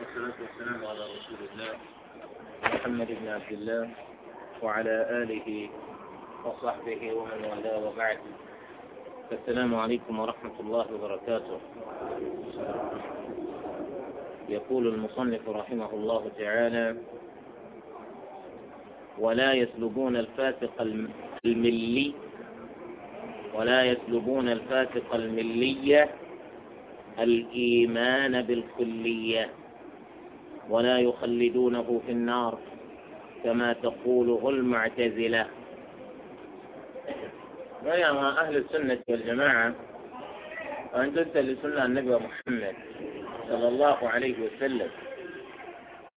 والصلاة والسلام على رسول الله محمد بن عبد الله وعلى آله وصحبه ومن والاه وبعد السلام عليكم ورحمة الله وبركاته يقول المصنف رحمه الله تعالى ولا يسلبون الفاسق الملي ولا يسلبون الفاسق الملية الإيمان بالكلية ولا يخلدونه في النار كما تقوله المعتزلة ما أهل السنة والجماعة أن تتل سنة النبي محمد صلى الله عليه وسلم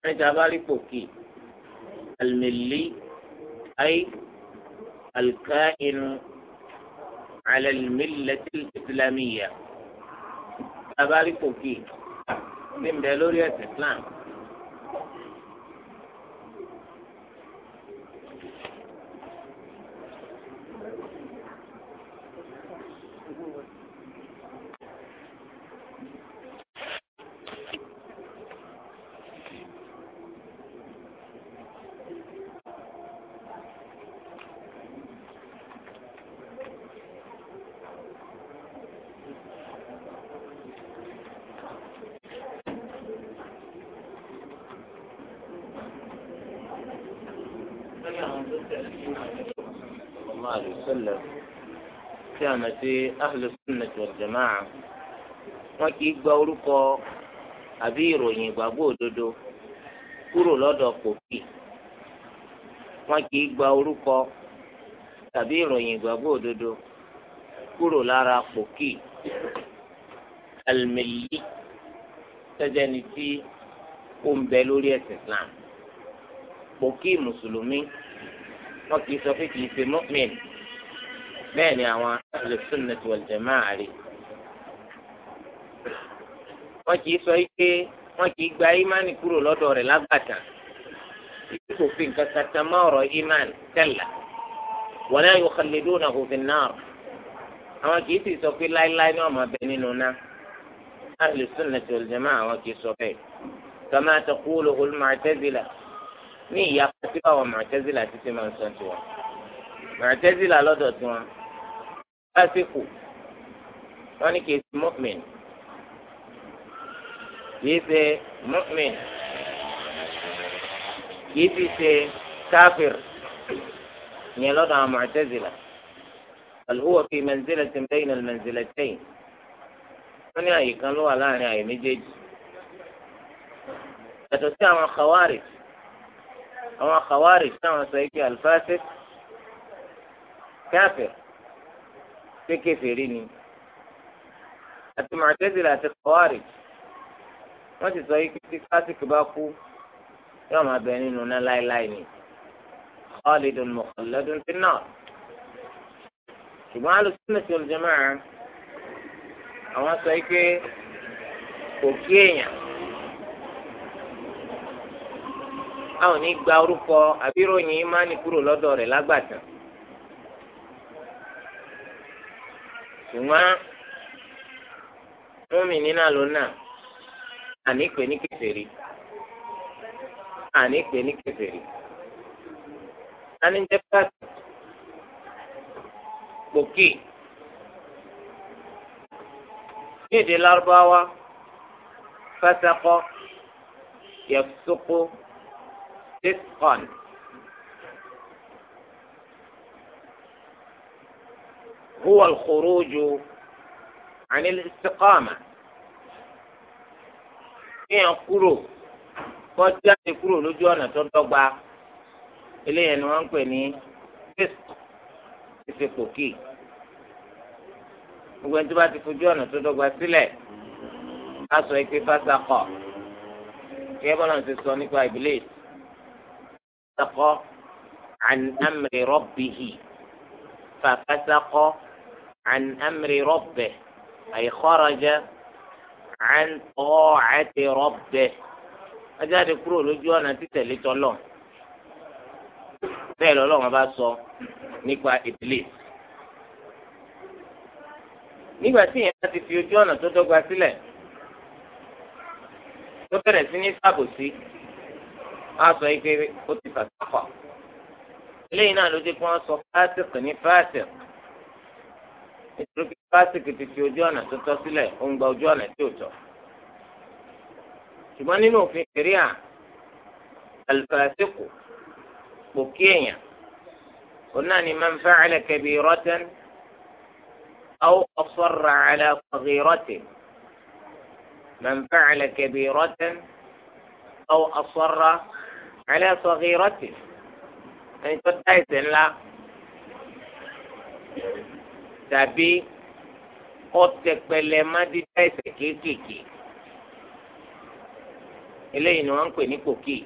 أنت باركوكي يعني الملي أي الكائن على الملة الإسلامية فيه من بلورية الإسلام sallallahu alayhi wa sallam tí a mọ̀ sí ahlus sunnah wal jamaa'ah wọn kì í gba orúkọ àbí ìròyìn ìgbàgbọ́ òdodo kúrò lọ́dọ̀ pòkì wọn kì í gba orúkọ tàbí ìròyìn ìgbàgbọ́ òdodo kúrò lára pòkì almilli tẹ́jẹ́ ni tí ó ń bẹ lórí ẹ̀sìn Islam pòkì mùsùlùmí wọn kì í sọ pé kì í ṣe mọ́mìn bẹ́ẹ̀ ni àwọn ahlu sunnah wal jama'ah rí wọn kì í sọ pé wọn kì í gba ìmánì kúrò lọ́dọ̀ rẹ̀ lágbàtà yìí kò fi nǹkan kata mọ́ ọ̀rọ̀ ìmánì tẹ̀lá wala yukhallidunahu fin nar àwọn kì í sì sọ pé láíláí ni wọn máa bẹ nínú náà ahlu sunnah wal àwọn kì í sọ bẹ́ẹ̀ kama taqulu al-mu'tazila ní ìyapa tí báwọn mọ̀tẹ́sílà ti ti máa ń sàn tiwọn mọ̀tẹ́sílà lọ́dọ̀ tiwọn lásìkò wọn ní kì í ṣe mọ́mìn kì í ṣe mọ́mìn kì í sì ṣe káfíìr ìyẹn lọ́dọ̀ àwọn mọ̀tẹ́sílà alhuwa fi manzilatin bayna almanzilatayn wọn ní àyè kan ló wà láàrin àyè méjèèjì yàtọ̀ sí àwọn khawarij àwọn khawarij táwọn sọ pé alifásik káfíà pé kèfèrí ni àti mọ̀tẹ́sílẹ̀ àti khawarij wọ́n ti sọ pé tí fásik bá kú yóò máa bẹ nínú náà láéláé ni khalidun mukhalladun fi an-nar ṣùgbọ́n alùsùnmẹ̀sì olùjẹ́mọ́ àwọn sọ pé kò kí èèyàn. àwọn ní gba orúkọ àbíròyìn máa ní kúrò lọ́dọ̀ rẹ̀ lágbàtà ṣùgbọ́n mú mi nínú àlọ́ náà àní pè ní kẹfẹ́rì àní pè ní kẹfẹ́rì sanidẹ pàtó gbòkè ní èdè lárúbáwá fásakọ yẹ sọkọ. rìsíkọ̀n. هو الخروج عن الاستقامة kéèyàn kúrò kó jáde kúrò lójú ọ̀nà tó dọ́gba eléyẹn ni wọ́n ń pè ní ìsèpòkì gbogbo ẹni tó bá ti fojú ọ̀nà tó dọ́gba sílẹ̀ á sọ pé fásakọ̀ kí ẹ bọ́lá ti sọ nípa ìbílẹ̀ ففسق عن أمر ربه ففسق عن أمر ربه أي خرج عن طاعة ربه ajáde kúrò lójú ọ̀nà títẹ̀lé tọ́lọ̀ bẹ́ẹ̀ lọ́lọ́run bá sọ nípa Iblis nígbà tí ìyẹn bá ti fi ojú ọ̀nà tó dọ́gba sílẹ̀ tó bẹ̀rẹ̀ sí ní ṣàbòsí. wọ́n sọ yìí pé ó ti fà fàṣàkọ̀ eléyìí náà ló dé kí wọ́n sọ fásitì ní fásitì nítorí pé fásitì ti fi ojú ọ̀nà tó tọ́ sílẹ̀ ó ń gba ojú ọ̀nà tí ò tọ́ ṣùgbọ́n nínú òfin à alifasiku kò kí èèyàn kò náà ni máa ń fẹ́ man fa'ala kabiratan aw asarra ala saghiratin man fa'ala kabiratan aw asarra. ala saghirati ẹni tó dá ẹ̀ṣẹ̀ ńlá tàbí ọ̀tẹ̀pẹ̀lẹ̀ má dídá ẹ̀ṣẹ̀ kéékèèké eléyìí ni wọ́n ń pè ní kòkì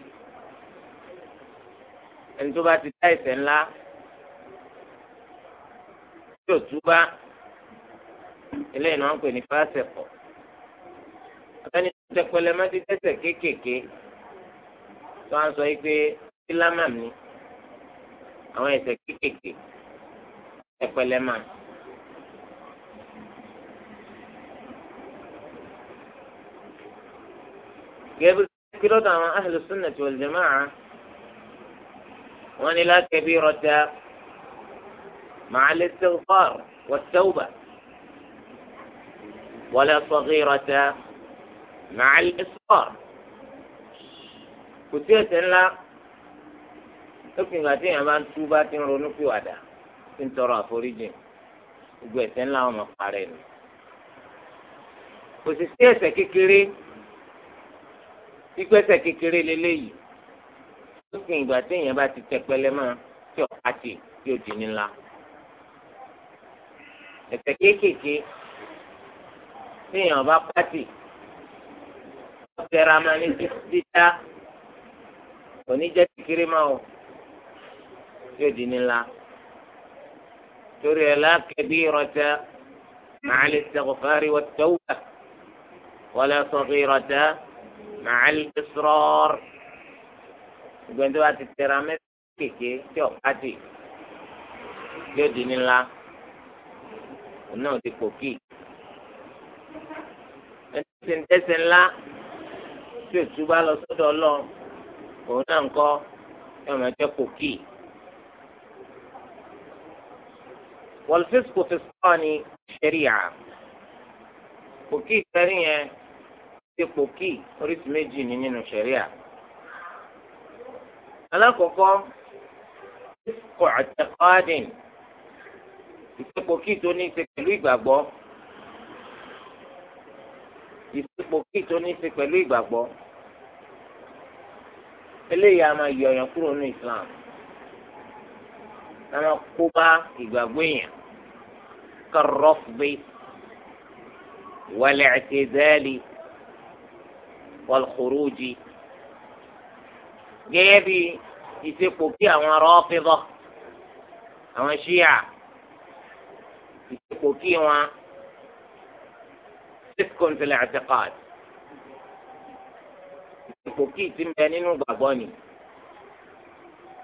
ẹni tó bá ti dá ẹ̀ṣẹ̀ ńlá tí ò túbá eléyìí ni wọ́n ń pè ní fásẹ̀kọ̀ ẹni tó tẹ̀pẹ̀lẹ̀ má dídá ẹ̀ṣẹ̀ kéékèèké. tó wá sọ yìí pé sílámà mi àwọn ẹsẹ̀ kéékèèké ẹ̀pẹ̀lẹ̀ mà. gẹ́gẹ́ bí lọ́dọ̀ àwọn ahlu sunnah wal jamaa'ah wọ́n ní láti la kabirata ma'a al-istighfar wat-tawbah wala saghirata ma'a al sọ́ọ́. kò sí ẹ̀ṣẹ̀ ńlá lópin ìgbà tí èèyàn bá ń túbá ti ń ronú pìwàdà ti ń tọrọ àforíjì gbogbo ẹ̀ṣẹ̀ ńlá wọn mọ parẹ́ nù kò sì sí ẹ̀ṣẹ̀ kékeré ikú ẹ̀ṣẹ̀ kékeré lélẹyìí lópin ìgbà tí èèyàn bá ti tẹpẹlẹ mọ́ tí ọ̀pá tì tí ó di ńlá ẹ̀ṣẹ̀ kéékèèké tí èèyàn bá pàtì ó tẹra máa ní dídá òní jẹ́ kékeré máa o yóò di nílá torí ẹ̀ lákẹ́bí rọ̀tẹ́ màá lè sẹ́kọ̀fárí wọ́n tẹ́wọ́ wọlé sọ̀rọ̀ rọ̀tẹ́ màá lè sọ̀rọ̀ gbẹ̀ndé wa ti tẹ̀ra mẹ́ta kéke tí ọ̀ká dì yóò di nílá òun náà ti pò kí ẹni ń tẹ́sẹ̀ ńlá tí òtún bá lọ sọ́dọ̀ ọlọ́run òun náà ń kọ́ yóò máa jẹ́ kòkì. wọ́lfíìsì kò fi sọ́ ni ṣẹ́ríà kòkì ìtẹ́rí yẹn ti kòkì oríṣi méjì ní nínú ṣẹ́ríà. alákọ̀ọ́kọ́ kò àtẹ̀kọ́ádìn ìsepò tó ní í ṣe pẹ̀lú ìgbàgbọ́ ìsepò tó ní í ṣe pẹ̀lú ìgbàgbọ́ eléyìí a máa yọ ọyàn kúrò ní islam a máa kó bá ìgbàgbọ́ èèyàn kọrọfbí wàlẹ̀ ẹ̀tẹ̀zẹ́lì wàlùkùrújì gẹ́gẹ́ bí ìsepò kí àwọn rọ́ọ̀fíbọ̀ àwọn ṣíà ìsepò kí wọn síkùn fìlà àtẹ̀kọ́ọ̀dì ipò kí ti ń bẹ nínú gbàgbọ́ ni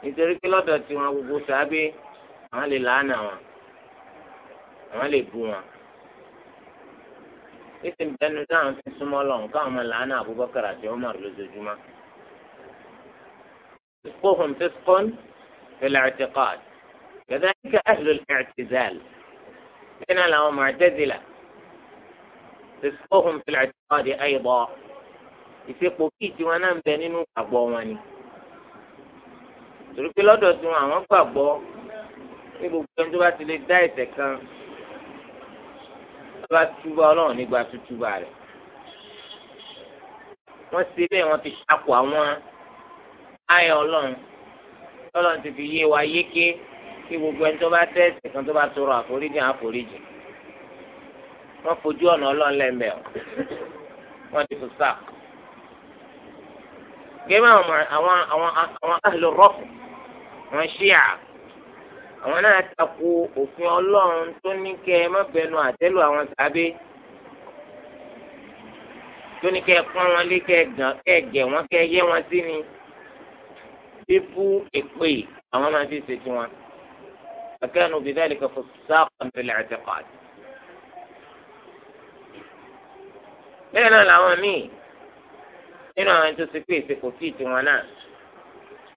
nítorí pé lọ́dọ̀ tí wọn gbogbo sábẹ́ àwọn lè làánà wọn àwọn lè bu wọn níṣẹ́ ń bẹnu táwọn fi súnmọ́ lọ́hùn káwọn máa làánà Abubakar àti Umar lójoojúmọ́. فقهم فسق في الاعتقاد كذلك أهل الاعتزال هنا لهم معتزلة فسقهم في الاعتقاد أيضا ìfipò kíì tiwọn náà ń bẹ nínú gbàgbọ́ wọn ni torí pé lọ́dọ̀ tiwọn àwọn gbàgbọ́ ní gbogbo ẹni tó bá ti lè dá ẹ̀ṣẹ̀ kan tó bá túbọ̀ ọlọ́run nígbà tútúbà rẹ̀ wọ́n ṣe bẹ́ẹ̀ wọ́n ti takò àwọn ayọ̀ ọlọ́run tọ́lọ́run ti fi yé wa yéké kí gbogbo ẹni tó bá tẹ́ ẹ̀ṣẹ̀ kan tó bá tọrọ àforíjì àforíjì wọ́n fojú ọ̀nà ọlọ́run lẹ́mẹ̀ọ́ wọ́n ti fò sáà gẹ́gẹ́ bá àwọn àwọn àwọn àwọn ahlul rọ́ọ̀fù àwọn ṣíà àwọn náà takò òfin ọlọ́run tó ní kẹ́ ẹ má bẹnu àtẹ́lù àwọn tàbí tó ní kẹ́ ẹ pọ́n wọn lé kẹ́ ẹ gẹ̀ wọ́n kẹ́ ẹ yẹ́ wọn sí ni bíbú èpè àwọn máa fi ṣe tiwọn. فكانوا بذلك فساقا في الاعتقاد. لأن العوامين nínú àwọn tó ti pé ìsìnkú fíìtì wọn náà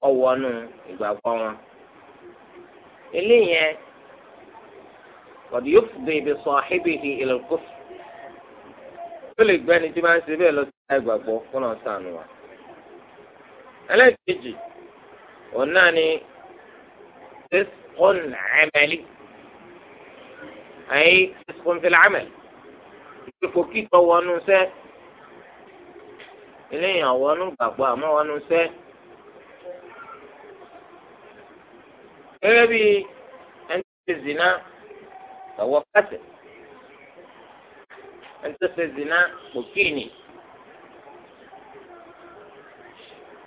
ọwọ́nú ìgbàgbọ́ wọn. eléyẹn kọ̀dí yóò fi bèbè sọ àhíbèhì ìlẹ̀kùf tó lè gbẹ́ni tí máa ń ṣe bẹ́ẹ̀ lọ sí ìgbàgbọ́ fún ọ̀sán wa. ẹlẹ́ẹ̀kejì òun náà ni tẹ́sán ẹ̀mẹ́lì àyè tẹ́sán fìlà ẹ̀mẹ́lì ìfòkìtọ̀ wọnú sẹ́ẹ̀. eléyìí àwọnú gbàgbọ́ àmọ́ wọnú sẹ́. gẹ́gẹ́ bíi ẹni tó ṣe zina ọ̀wọ́ kásẹ̀ ẹni tó ṣe zina kòkínì.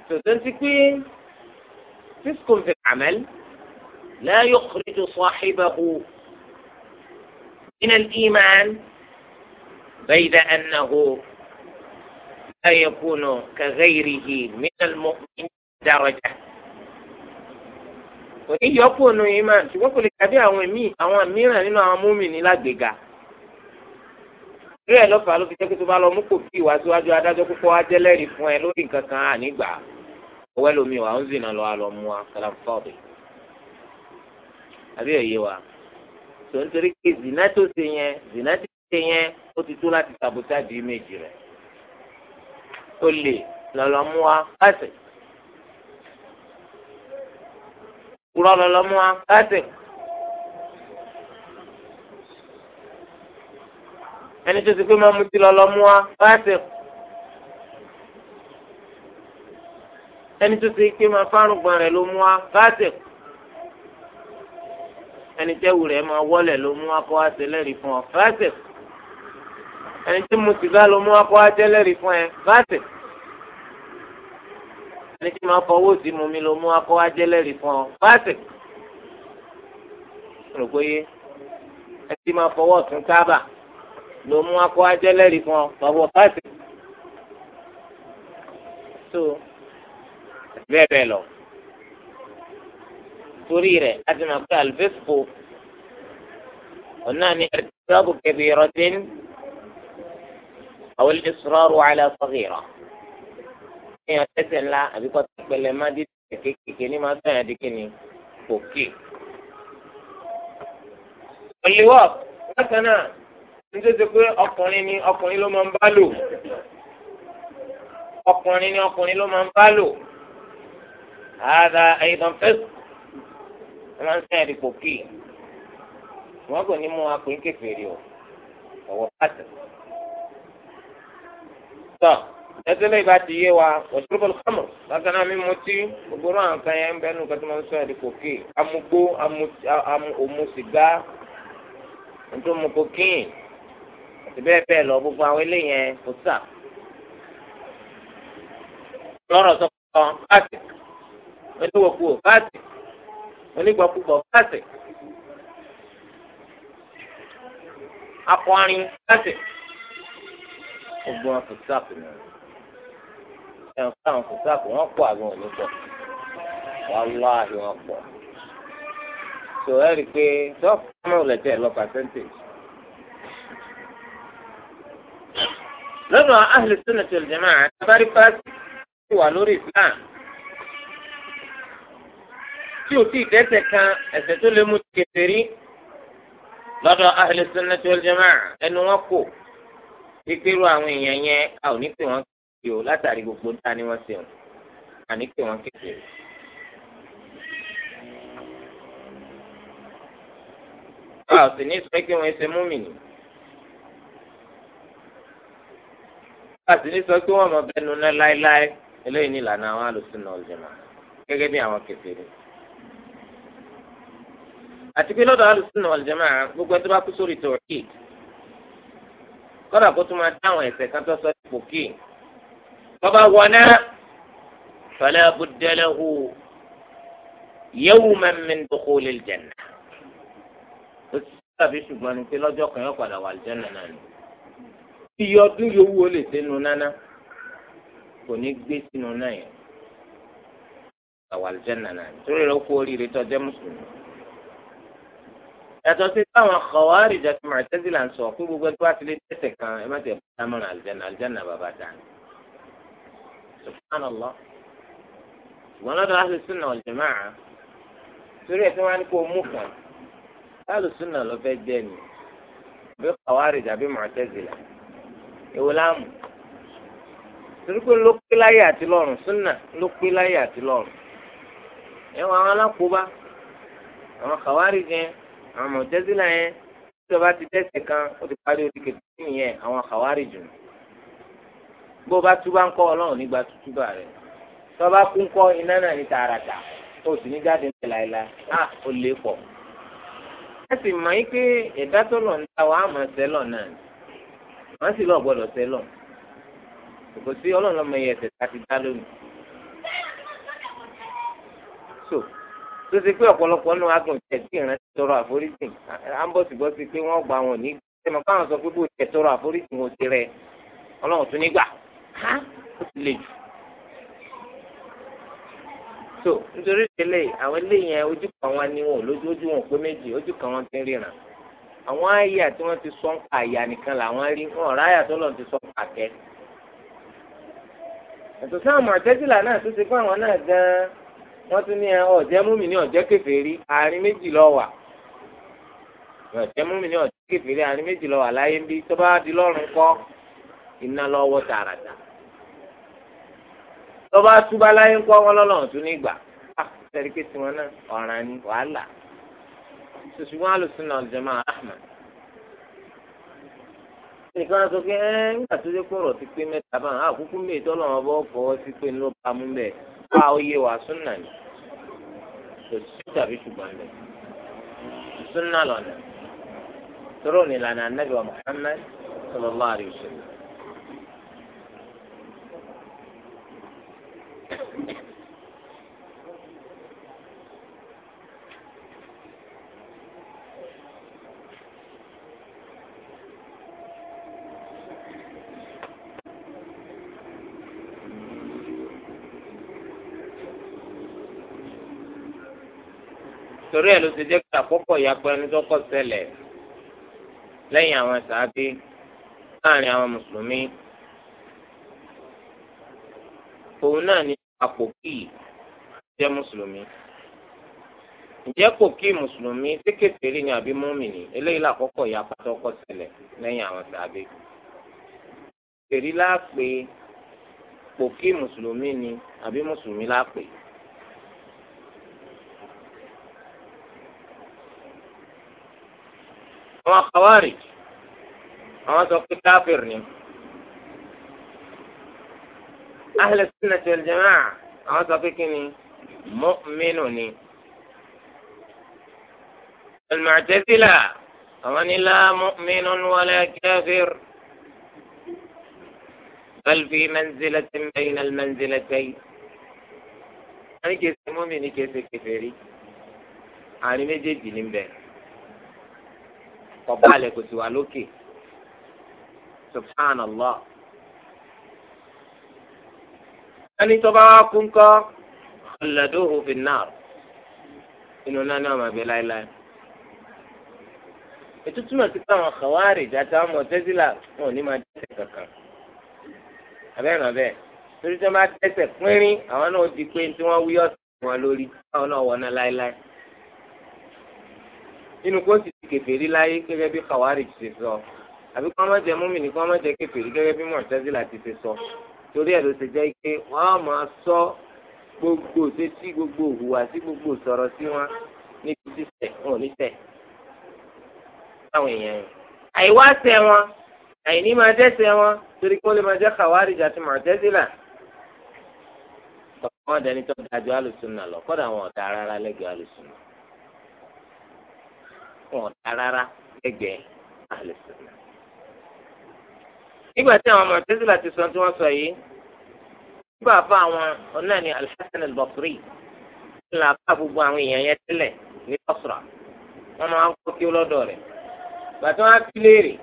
tòtò tòtẹ́ntì pé fífkùn fi àmẹ́lì لا يخرج صاحبه من الإيمان بيد أنه أن يكونوا كغيره من المؤمن درجة òní yọkùn nù ìmọ̀ ṣùgbọ́n kò lè dàbí àwọn míì àwọn mìíràn nínú àwọn múmìnì lágbèga rí ẹ lọ́fà ló fi jẹ́ pé tó bá lọ mú kò bí ìwà síwájú adájọ́ púpọ̀ á jẹ́ lẹ́rìí fún ẹ lórí nǹkan kan ànígbà ọwọ́ ẹlòmíì wà ń zìnà lọ́wọ́ lọ mú akàlàfọ́ọ̀bì àbí òye wa tó ń torí pé zìnà tó ṣe yẹn zìnà tó ṣe yẹn ó ti tó láti sàbòtà di méjì rẹ̀ olè lọlọmú wa ẹsẹ kúrọ lọlọmú wa ẹsẹ ẹni tó ti pé máa mutí lọlọmú wa ẹsẹ ẹni tó ti pé máa fárùngbọ̀n rẹ̀ ló mú wa ẹsẹ ẹni tẹ́wù rẹ̀ máa wọlé ló mú wa kó wa ṣe lẹ́rìí fún ọ ẹsẹ ẹni tí mu sìgá ló mú akọ ajẹ́lẹ́rìí fún ẹ láti ẹni tí máa fọwọ́ sí mu mi ló mú akọ ajẹ́lẹ́rìí fún ọ láti rògbòye ẹni tí máa fọwọ́ sún tábà ló mú akọ ajẹ́lẹ́rìí fún ọ lọ́wọ́ láti tó bẹ́ẹ̀ bẹ́ẹ̀ lọ torí rẹ̀ láti máa pẹ́ àlùfẹ́sìkò ọ̀nà ni ẹ̀rọ kẹ̀bìrọ̀ tẹ́ni àwọn ìṣòro àlẹ́ sọ́kìrọ̀ èèyàn tẹ́sẹ̀ ńlá àbí kọ́ tẹ́pẹ́lẹ́ má dé kékeré ní máa sọ̀yàn díkì ní òkè. òlìwọ́ bákan náà nítorí pé ọkùnrin ni ọkùnrin ló máa ń bá lò ọkùnrin ni ọkùnrin ló máa ń bá lò ààrà ẹ̀yìnkàn fẹ́sì ló máa ń sọ̀yàn dípò kì í kò ní mú wa kékeré o ọ̀wọ́ pàtàkì tọ ẹtẹlẹ ìbá ti yé wa wọtúrúbọ lọkọmọ bákan náà mímú tí gbogbo náà àwọn kan yẹn ń bẹnu kẹtù máa ń sọ ẹdí kòkè amugbó amu sìgá ntòmù kòkìn àti bẹ́ẹ̀ bẹ́ẹ̀ lọ gbogbo àwọn eléyẹn kò sà lọ́rọ̀ sọ́kọ́ káàsì oníwòkúwò káàsì onígbàkúgbọ̀ káàsì akọrin káàsì gbogbo wọn fòtáàpù ni ẹn fún àwọn fòtáàpù wọn pọ̀ àbí wọn ní pọ̀ wọn lọ àbí wọn pọ̀ tó ẹ rí i pé tọ́pù náà lẹ́tẹ̀ lọ pàṣẹ́ntéèjì. lọ́dọ̀ ahlu sunnah wal jamā'ah abárí pàṣẹ ti wà lórí Islam tí o ti dẹ́ṣẹ̀ kan ẹ̀ṣẹ̀ tó lè mú kékeré lọ́dọ̀ ahlu sunnah wal jamā'ah ẹnu wọn kò ìpérò àwọn èèyàn yẹn a ò ní pè wọ́n kéde o látàrí gbogbo ń ta ni wọ́n ṣe o a ní pè wọ́n kéde o. a ò sì ní sọ pé wọ́n ṣe múmìnì. a sì ní sọ pé wọ́n mọ bẹ́ẹ̀ nuná láéláé eléyìí ní ìlànà àwọn alùsùnà ọ̀jọ̀mọ̀ gẹ́gẹ́ bí àwọn kẹfẹ́rẹ́. àti pé lọ́dọ̀ alùsùnà ọ̀jọ̀mọ̀ gbogbo ẹ̀ tó bá kú sórí tòwọ́ kéèkì kọ́dà kó tún máa dáhùn ẹ̀ṣẹ̀ kan tó sọ ipò kí tọ́ba wọná fala budda lahu yawman min dukhulil janna ó sì sábàbí ṣùgbọ́n ni pé lọ́jọ́ kan yóò padà wà àlùjànnà náà ni iye ọdún yòówù ó lè sínú nánà kò ní gbé sínú náà yẹn àwàlùjànnà náà nítorí rẹ̀ kú oríire tó jẹ́ mùsùlùmí yàtọ̀ sí táwọn kọ̀wárì jàpé màtẹ́sílà ń sọ fún gbogbo ẹgbẹ́ àti ilé tẹ̀sẹ̀ kan ẹ má tẹ̀ dámọ̀ràn àlùjáná àlùjáná bàbá dání. subhanallah ṣùgbọ́n lọ́dọ̀ ahlus sunnah wal jamaa torí ẹ̀ tí wọ́n á ní kó mú kan ahlus sunnah lọ fẹ́ jẹ́ ni bí kọ̀wárì jàpé màtẹ́sílà èwo láàmù torí pé ló pé láyé àti lọ́run sunnah ló pé láyé àti lọ́run ẹ̀wọ̀n àwọn àwọn mọ̀tẹ́sílà yẹn tí o bá ti tẹ̀sí kan o ti parí o ti kẹ̀kẹ́ nìyẹn àwọn àwárí jù bó o bá túbá ń kọ́ ọlọ́run nígbà túbà rẹ̀ tó o bá kú ń kọ́ iná náà ní tààràtà o sì ní jáde ní láéláé á o lè pọ̀ ẹ sì mọ̀ yín pé ẹ̀dá tó lọ̀ ń ta wàá mọ̀ sẹ́lọ̀ náà wọ́n sì lọ gbọ́dọ̀ sẹ́lọ̀ kò sí ọlọ́run lọ́mọ ẹ̀yẹ ẹ̀sẹ̀ tá a ti dá lónìí tó ṣe pé ọ̀pọ̀lọpọ̀ nù agùn tẹ̀sí ìrántí tọrọ àforíjì à ń bọ̀ síbọ̀ sí pé wọ́n gba wọn ní tẹmọ káwọn sọ pé bó tẹ tọrọ àforíjì wọn ti rẹ ọlọ́run tún nígbà á ó ti lè jù. so nítorí ìṣẹ̀lẹ̀ àwọn eléyìí yẹn ojú kan wọn ni wọn lójú ojú wọn pé méjì ojú kan wọn ti ríran àwọn àyà tí wọ́n ti sọ ń pa àyà nìkan làwọn rí wọn ọ̀rọ̀ àyà tó lọ́n ti sọ ń pa kẹ́ wọ́n tún ní ọ̀jẹ́ múmi ní ọ̀jẹ́ kèfèrí àárín méjì ló wà ọ̀jẹ́ múmi ní ọ̀jẹ́ kèfèrí àárín méjì ló wà láyé ń bí tó bá di lọ́rùn kọ́ iná lọ́wọ́ tààràtà tó bá túbá láyé ń kọ́ wọn lọ́lọ́run tún nígbà sẹ́rí pé tiwọn náà ọ̀ràn ni wàhálà ṣùṣùgbọ́n alùsùn náà jẹ́ máa ahmed nìkan sọ pé ẹ́ nígbà tó dé kọ̀rọ̀ ti pé mẹ́ta báwọn àkókò mẹ́tọ́ lọ́wọ́ bọ́ fọwọ́ sí pa oyè wa súnà ni kò sí tàbí ṣùgbọ́n lẹ̀ súnà lọ́nà tóró ni lànà anábì Muhammad sallallahu alayhi wa sallam. torí ẹ̀ ló ti jẹ́ pé àkọ́kọ́ ìyapẹ́ ẹni tó kọ́ ṣẹlẹ̀ lẹ́yìn àwọn sàábí láàrin àwọn mùsùlùmí òun náà ni àpòkì jẹ́ mùsùlùmí ǹjẹ́ kò kí mùsùlùmí tí kèfèrí ni àbí mùmínì eléyìí làkọ́kọ́ ìyapa tó kọ́ ṣẹlẹ̀ lẹ́yìn àwọn sàábí kèfèrí láàpè kò kí mùsùlùmí ni àbí mùsùlùmí láàpè. àwọn khawarij àwọn sọ pé káfíìr ni ahlẹ̀ sunnah wal jamaa'ah àwọn sọ pé kí ni mu'minu ni al-mu'tazila àwọn ni la mu'minun wala káfíìr bal fi manzilatin bayna al-manzilatayn wọ́n ní kí ẹsẹ̀ mọ́mí ní kí ẹsẹ̀ kèfèrí àárín méjèèjì ní bẹ́ẹ̀. kọbalẹ̀ kò sì wà lókè subhanallah. ẹni tó bá wá kú ńkọ́ ọ̀làdóhùn finnar inú náà náà máa bẹ láéláé. ètò túmọ̀ sí káwọn àkàwárì jáde àwọn mọ̀tẹ́sílà wọn ò ní máa dẹ́ṣẹ̀ kankan. àbẹ́rẹ́ torí tí wọ́n bá pínrín àwọn náà di pé tí wọ́n wí ọ̀sẹ̀ wọn lórí káwọn náà wọ̀ náà láéláé. inú kó sì kèfèrí láyé gẹ́gẹ́ bí khawarij ṣe sọ àbí kí wọ́n má jẹ múmìnì kí wọ́n má jẹ kèfèrí gẹ́gẹ́ bí mọ̀tẹ́sílà ti ṣe sọ torí ẹ̀ ló ṣe jẹ́ pé wọ́n á máa sọ gbogbo sétí gbogbo òhùwà sí gbogbo sọ̀rọ̀ sí wọn níbi títẹ̀ wọn ò ní tẹ̀ láwọn èèyàn yẹn àìwá tẹ wọn àìní máa dẹ́ṣẹ̀ wọn torí kí wọ́n lè máa jẹ́ khawarij àti mọ̀tẹ́sílà wọ́n dẹni tó dájú alùsùn náà lọ kọ́dà wọn ọ̀dà rárá lẹ́gbẹ̀ẹ́ alùsùn náà wọn dá rárá gẹ́gẹ́ àlùsùnà. nígbà tí àwọn Mu'tazila ti sọ tí wọ́n sọ yìí nígbà bá àwọn ọ̀nà ní Al-Hasan Al-Basri ńlá bá gbogbo àwọn èèyàn yẹn tẹ́lẹ̀ ní Basra wọn máa ń kó kí lọ́dọ̀ rẹ̀ bàtí wọn á fi léèrè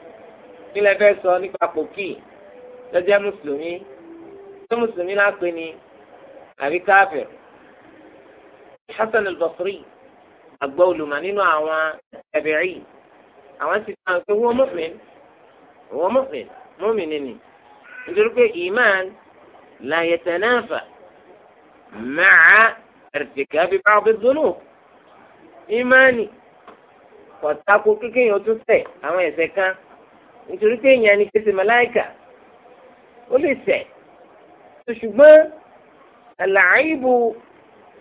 nílẹ̀ fẹ́ sọ nípa pòkì lọ́jọ́ mùsùlùmí tó mùsùlùmí lápẹ́ ni àbí káfíìn Hasan Al-Basri àgbà olùmọ̀ nínú àwọn ẹ̀bẹ̀rì àwọn ti sọ pé wọ́n mọ̀mìn wọ́n mọ̀mìn mọ̀mìn nìyí nítorí pé ìmán la yatanafa ma'a irtikabi ba'd adh-dhunub ìmánì kọ̀tàkó kékeré tún tẹ̀ àwọn ẹ̀ṣẹ̀ kan nítorí pé èèyàn ni kése màláìkà ó lè ṣẹ̀ ṣùgbọ́n al-'aybu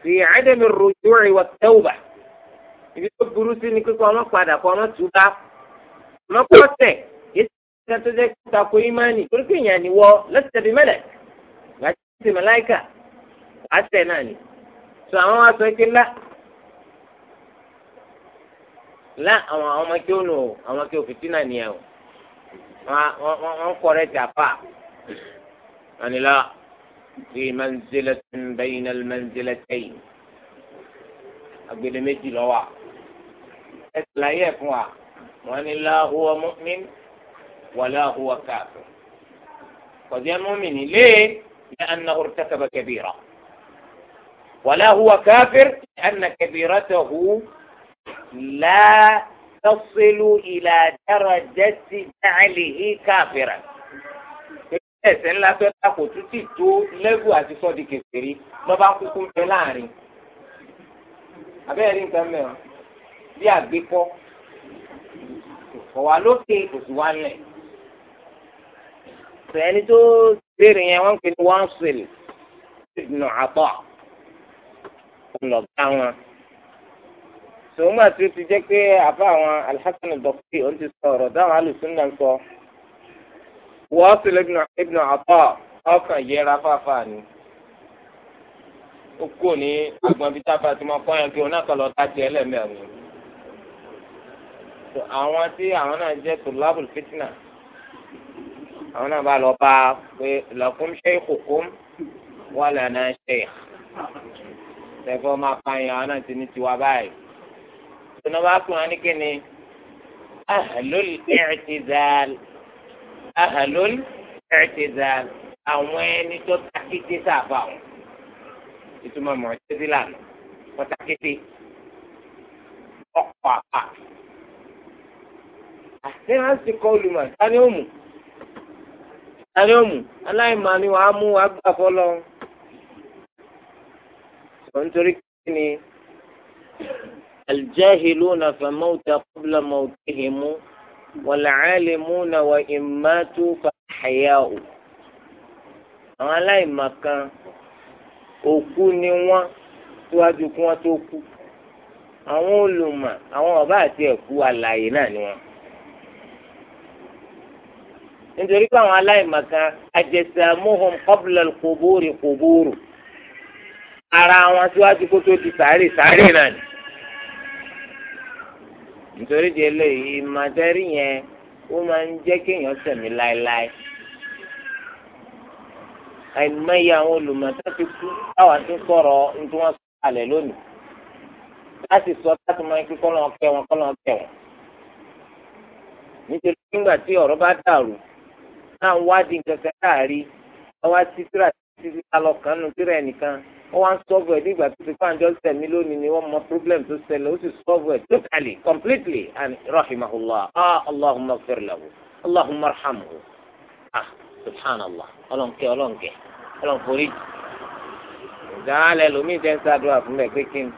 fi 'adami ar-ruju' wa at-tawbah ibi tó burú sí ni pípọ̀ ọmọ padà kọ́ ọmọ tù bá ọmọkọ́ tẹ̀ yé ṣe tó jẹ́ kó takò ìmánì torí pé ìyàn níwọ lọ́sẹ̀ tẹ̀bi mẹ́lẹ̀ láti ṣe mẹ́láìkà àtẹ̀ náà ni sọ àwọn wa sọ pé lá lá àwọn ọmọ kí ó nù o àwọn kí ó fìtínà nìyẹn o wọn kọrẹ jàpá wọn ni lọ fi manzilatin bayna al manzilatayn méjì lọ ẹsìláyé fún wa wọ́n ní láhùwà mu'min wà láhùwà káfir kọjá mu'min lé ní anna irtakaba kabira wàlá huwa káfir anna kabiratahu la tasilu ila darajati ja'lihi kafiran ẹ̀ṣẹ̀ ńlá tó takò títí tó lẹ́gù àti sọ́ọ̀dì kékeré lọ́ba kúkú ń bẹ láàrin abẹ́rẹ́ nǹkan mẹ́rin bí àgbékọ́ kọ̀wá lókè kò sí wá lẹ̀. sẹ́ni tó béèrè yẹn wọ́n ń pè ní wọ́n sèlè ìdùnnà àbọ̀ ọlọ́gá wọn. sòwòmà tí ó ti jẹ́ pé àbá àwọn alhassan dọ̀kítì ó ti sọ ọ̀rọ̀ dáhùn alùsùn náà sọ. wọ́n sèlè ìdùnnà àbọ̀ ọkàn yẹra fáfá ni ó kò ní agbọ̀n bíi tábà tí wọ́n kọ́ yẹn kí wọn náà kọ́ lọ́ọ́ tá tiẹ̀ lẹ́mẹ̀ẹ́rin àwọn tí àwọn náà jẹ́ tòlábùl fitna àwọn náà bá lọ bá pé lakum shaykhukum wa lana shaykh tẹ̀fọ́ máa pààyàn àwọn náà ti ní tiwa báyìí. ìṣúná bá pè wọ́n ní kí ahlul i'tizal ahlul i'tizal àwọn ẹni tó takété sáfà wọn ìtumọ̀ mọ̀ ọ́ tẹ́tí takété ọkọ̀ àpá ní à ń sì kọ́ olùmọ̀ tani ó mú tani ó mú aláìmọ̀ ni wàá mú wàá gbà fọlọ́ sọ nítorí kí ni aljahiluna fa mawta qabla mawtihimu wàlàálìmúna wà ìmátú fa hayau àwọn aláìmọ̀ kan òkú ni wọ́n síwájú kí wọ́n tó kú àwọn olùmọ̀ àwọn ọba àti ẹ̀kú alààyè náà ni wọ́n. nítorí pé àwọn aláìmọ̀kan ajẹsàmúhùn kọ́bùlọ̀ kòbóòrè kòbóòrò ara wọn síwájú kó tó ti sáré sáré náà ni. nítorí di eléyìí màtẹ́rì yẹn ó máa ń jẹ́ kéèyàn sẹ̀mí láéláé. àìmọye àwọn olùmọ̀tá ti kú táwa ti sọ̀rọ̀ ní wọ́n sọ kalẹ̀ lónìí. láti sọ láti máa ń kí wọn wọn. nítorí náà ń wádìí nǹkan kan káàrí wọ́n wá sí tíra títí alọ́ kan nù tíra ẹnìkan wọ́n wá ń sọ́ọ̀bù ẹ̀ nígbà tó ti fáńjọ́ sẹ̀mí lónìí ni wọ́n mọ problem tó ṣẹlẹ̀ ó sì sọ́ọ̀bù ẹ̀ totally completely and rahimahullah ah allahumma ighfir lahu allahumma arhamhu ah subhanallah ọlọ́nkẹ́ ọlọ́nkẹ́ ọlọ́nforí ìdáhàlẹ̀ lómi jẹ́ ń ṣàdúrà fún bẹ́ẹ̀ pé kíni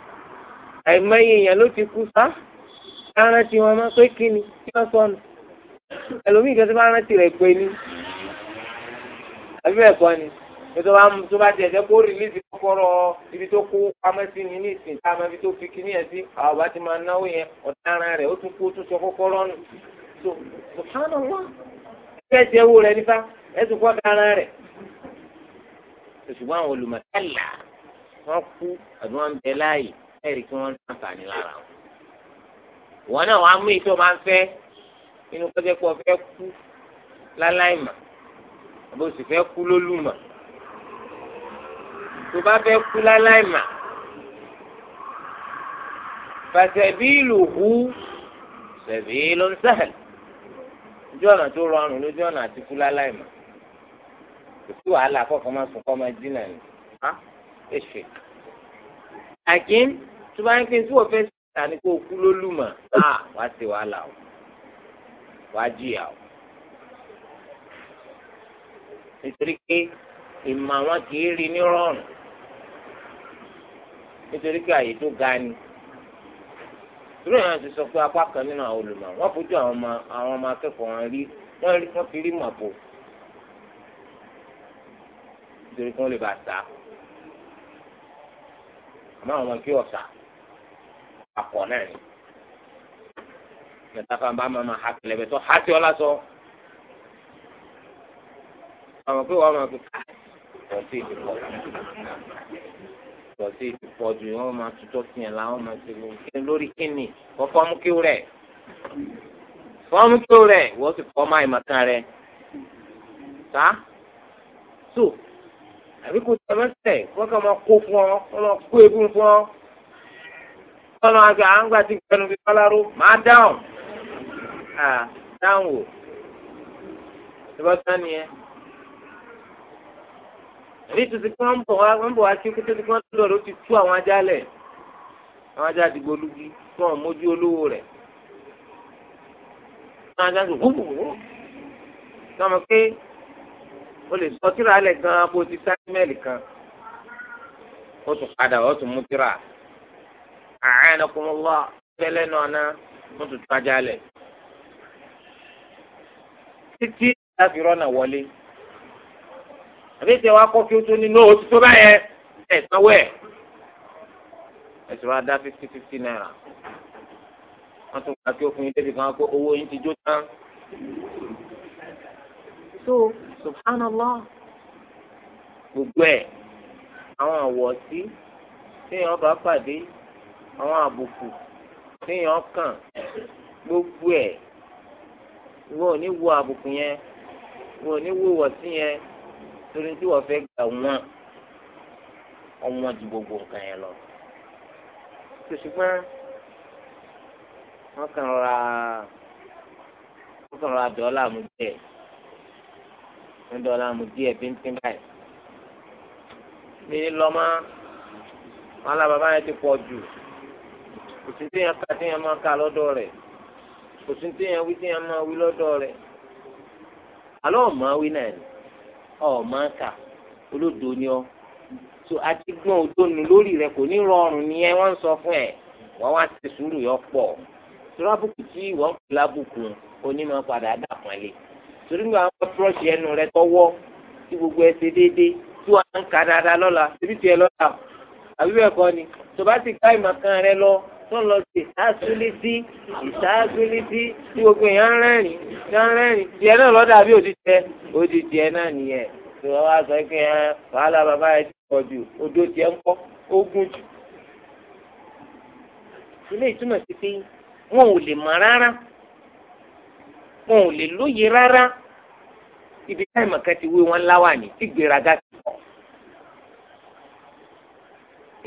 àìmọye èèyàn ló ti kú sá rántí wọn máa pé kíni kí wọ́n sọnù ẹlòmíì kan máa rántí rẹ̀ pé ní àbí bẹ́ẹ̀ kọ́ ni ètò wa tó bá tiẹ̀ jẹ́ kó rìlíìsì kọ́kọ́rọ́ ibi tó kó pamẹ́ sí ni ní ìsìn tá a máa fi tó fi kíní ẹ̀ sí àwọn ọba ti máa náwó yẹn ọ̀daràn rẹ̀ ó tún kó tún sọ kọ́kọ́rọ́ nù tó sùpánù wọn ẹgbẹ́ ti ẹwọ́ rẹ̀ nípa ẹ̀sùn kọ́ ọ̀daràn rẹ̀ ṣùgbọ́n àwọn olùmọ̀tẹ́là wọ́n kú àbí wọ́n ń bẹ láàyè ẹ̀rí kí wọ́n ń sàǹfààní lára wọn ìwọ náà wàá mú ìtọ́ máa ń fẹ́ inú kọ́jẹ́pọ̀ fẹ́ kú láláìmọ̀ àbò sì fẹ́ kú lólùmọ̀ tó bá fẹ́ kú láláì mà fasabiluhu sabilun sahl ojú ọ̀nà tó rọrùn lójú ọ̀nà àti kú láláì mà kò sí wàhálà kọ̀ọ̀kan máa sùn kọ́ máa jí náà ni ẹ ṣe. àkín tó bá ń pín tí wọ́n fẹ́ sàní kó kú lólùmọ̀ wá sí wàhálà o wá jìyà o nítorí pé ìmọ̀ àwọn kì í rí ní rọrùn nítorí pé àyè tó ga ni ìrú ìyá ti sọ pé apá kan nínú àwọn olùmọ̀ wọ́n fojú àwọn ọmọ àwọn ọmọ akẹ́kọ̀ọ́ wọn rí wọ́n rí wọ́n fi rí mọ̀ bò nítorí kí wọ́n lè bá a sá àmọ́ àwọn ọmọ kí ọ̀sà àpọ̀ náà ni mẹ́ta kan bá máa ma ha kẹlẹ́bẹ̀ tó ha ti ọ́ lásán àwọn pé wàá máa fi pọ̀sí ti pọ̀ pọ̀sí ti pọ̀ jù wọ́n máa tutọ́ sí yẹn láwọn máa ti wọ́n kí lórí kíni wọ́n fọ́ọ̀mù kíw rẹ̀ fọ́ọ̀mù kíw rẹ̀ wọ́n sì fọ́ọ̀mù àìmọ̀kan rẹ̀ tá so àbí kò tẹ mẹsẹ wọn kàn máa kó fún ọ wọn máa kó egun fún ọ wọn máa gbà á ń gbà tí gbẹnu fi kọláró máa dáhùn dáhùn wò ìbátan nìyẹn èyí tó ti kí wọ́n ń bọ̀ wá wọ́n ń bọ̀ wá sí kété tí wọ́n ti lọ́ọ̀rọ̀ ó ti tú àwọn ajá lẹ̀ àwọn ajá àdìgbò lugi fún ọmọ ojú olówó rẹ̀ àwọn ajá tó wúwúwú sọmọ pé o lè sọ tíra alẹ gan bó ti sáímẹ́ẹ̀lì kan ó tún padà ó tún mú tíra àárín ọkùnrin wá tẹ́lẹ̀ náà ná wọ́n tún tún ajá lẹ̀ títí láti rọ́nà wọlé àbí ṣe kọ́ kí tó nínú oṣù tó báyẹn ẹ̀ sanwó ẹ̀ ẹ̀sùn wa dá fifty fifty naira wọ́n tún gba kí o débi kan pé owó yín ti jó tán. so subhanallah gbogbo ẹ̀ àwọn àwọ̀sí téèyàn bá pàdé àwọn àbùkù téèyàn kàn gbogbo ẹ̀ wọn ò ní wo àbùkù yẹn wọn ò ní wo wọ̀sí yẹn torí tí wọ́n fẹ́ gbà wọ́n ọwọ́n ju gbogbo nǹkan yẹn lọ. ṣùgbọ́n wọ́n kàn ra wọ́n kàn ra dọ́là mu díẹ̀ wọ́n dọ́là mu díẹ̀ bíntín báyìí. ní lọ́mọ wọn lá bàbá yẹn ti pọ̀ jù kò sí téèyàn ká téèyàn máa ká lọ́dọ̀ rẹ̀ kò sí téèyàn wí téèyàn máa wí lọ́dọ̀ rẹ̀ alọ́ ọ̀mọ́ wí náà ni ọ̀ máa kà olódo ni ọ́ so àti gbọ́n òdòdó lórí rẹ kò ní rọrùn ni ẹ wọ́n ń sọ fún ẹ wọ́n wá ti sùúrù yọ pọ̀ tìrábùkù tí ìwọ́n ń pè lábùkù onímọ̀ padà dàpọ̀lé torí mi àwọn búrọ́ọ̀ṣì ẹnu rẹ tọwọ́ tí gbogbo ẹ ṣe déédéé tí wọ́n ń ka dáadáa lọ́la tìrìtì ẹ lọ́la àbí bẹ́ẹ̀ kọ́ ni tó bá ti ká ìmọ̀ kan rẹ lọ tó lọ sí asúlítì ìsásúlítì tí gbogbo èèyàn rẹ́rìn èèyàn rẹ́rìn tiẹ̀ náà lọ́dà bí òdìjẹ òdìjẹ náà nìyẹn tó wọ́n wá sọ pé wàhálà bàbá yẹn ti pọ̀ jù odò tiẹ̀ ń gùn jù. ilé ìtumọ̀ sí pé wọn ò lè mọ̀ rárá wọn ò lè lóye rárá ibi ti wé wọn láwà ní tí gbéraga ti pọ̀.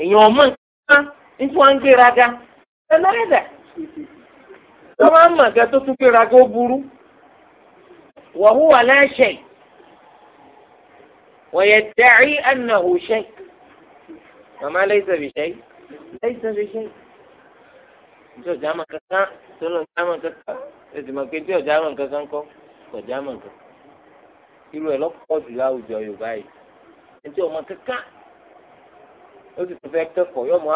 èèyàn ọmọ nǹkan wọn ẹlẹ́dẹ̀ tó máa ń mọ̀ kẹ́ tó tún gbéra kó burú wàhùwà láṣẹ wọ̀yẹ̀ dàrí ẹnà òṣẹ màmá lẹ́sẹ̀ bìṣẹ́ lẹ́sẹ̀ bìṣẹ́ ìjọ jàmọ̀ kankan tó lọ jàmọ̀ kankan ẹ̀sìn mọ̀ pé tí ọ̀jà mọ̀ kankan kọ́ ọ̀jà mọ̀ kankan irú ẹ̀ lọ́pọ̀ jù láwùjọ Yorùbá yìí ẹ̀jẹ̀ ọmọ kankan ó sì tún fẹ́ kẹ́kọ̀ọ́ yọmọ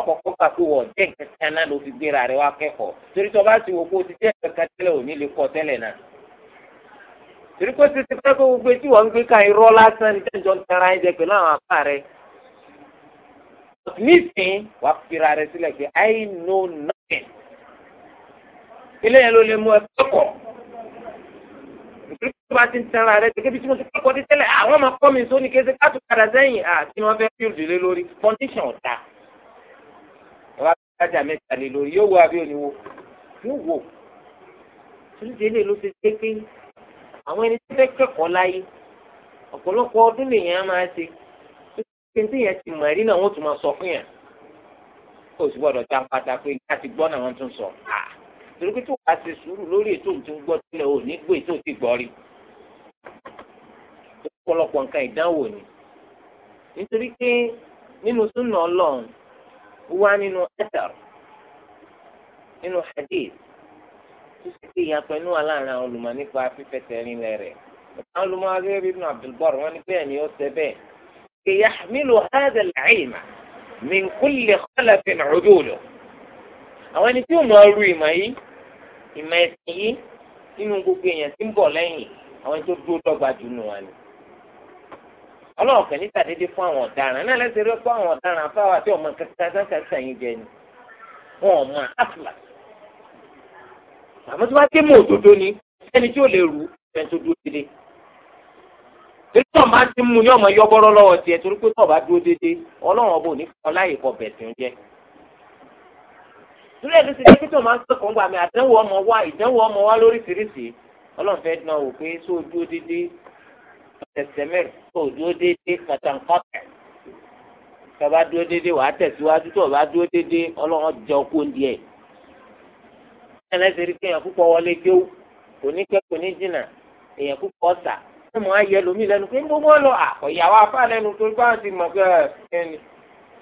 ọkọ̀ọ̀kọ̀ kà pé wọ́n jẹ́ nǹkan kan náà ló fi gbéra rẹ̀ wá kẹ́kọ̀ọ́ torí tó bá ti wò pé o ti jẹ́ kankan tẹ́lẹ̀ ò ní lè kọ́ tẹ́lẹ̀ náà. torí pé títí pé kó gbé tí wọ́n ń gbé ká irọ́ lásán ní tẹ́jọ́ ń tẹ́ra ẹ̀ jẹ pẹ̀lú àwọn apá rẹ̀. nísìnyí wà á fira rẹ̀ sílẹ̀ pé I know nothing. ilé yẹn ló lè mú ẹ kẹ́kọ̀ọ́. torí pé bá ti ń tẹ́ra rẹ̀ gẹ́gẹ́ bí tí mo ti kọ́kọ́ tẹ́lẹ̀ àwọn ọmọ rájà mẹ́ta lè lórí yóò wo àbí òníwò yóò wò tùdíje lè ló ti dé pé àwọn ẹni tó fẹ́ kẹ́kọ̀ọ́ láyé ọ̀pọ̀lọpọ̀ ọdún lèèyàn á máa ṣe pé tí yẹn ti mọ̀ rí náà wọ́n tún máa sọ fún yẹn kò sí gbọ́dọ̀ já pátá pé a ti gbọ́ náà wọ́n tún sọ à torí pé tó wà á ṣe sùúrù lórí ètò tó ń gbọ́ tẹ́lẹ̀ ò ní gbé ètò tí gbọ́ rí ọ̀pọ̀lọpọ̀ nǹkan ìdánwò ni nítorí pé nínú súnà ọlọ́run wá nínú ẹ̀tàr nínú hadith tó sì ti ìyàtọ̀ inú wa láàrin àwọn olùmọ̀ nípa fífẹsẹ̀ rinlẹ̀ rẹ̀ àwọn olùmọ̀ agbẹ́rẹ́ ibn abdulbar wọn ni bẹ́ẹ̀ ni ó ṣe bẹ́ẹ̀ kì í yàmílò hàdà làyìnà min kulli khalafin udulu àwọn ẹni tí ó mọ ọrú ìmọ̀ yìí ìmọ̀ ẹ̀sìn yìí nínú gbogbo èèyàn tí ń bọ̀ lẹ́yìn àwọn ẹni tó dúró dọ́gba jù nù wọn ni ọlọ́run kàn ní tàdédé fún àwọn ọ̀daràn náà lẹ́sẹ̀ rẹ́ fún àwọn ọ̀daràn fáwọn àti ọmọ kankan kankan sẹ́yìn jẹ ni wọn ò mọ àfìlà. àmọ́ tí wọ́n á ké mọ́ òdodo ni ẹni tí ò lè rú ẹni tó dúró dédé. torí tó máa ti mú ní ọmọ yọbọ́rọ́ lọ́wọ́ tiẹ̀ torí pé tó bá dúró dédé ọlọ́run ọba ò ní kọ́ láyè kọ bẹ̀sìn tó ń sọ̀kọ̀ ńgbà mi tẹsẹmẹrì tó o dúró déédéé kàtàǹkàtà tó o bá dúró déédéé wàá tẹ̀síwájú tó o bá dúró déédéé ọlọ́run jẹ ọkọ díẹ̀. ẹlẹ́sìn rí kéèyàn púpọ̀ wọlé géwú kò ní kẹ́ kò ní jìnnà èèyàn púpọ̀ ọ̀sà ẹ mọ̀ ayẹ lómi lẹ́nu pé gbogbo ọ̀lọ́ àkọ̀yàwó afá lẹ́nu tó bá ti mọ̀ pé ẹni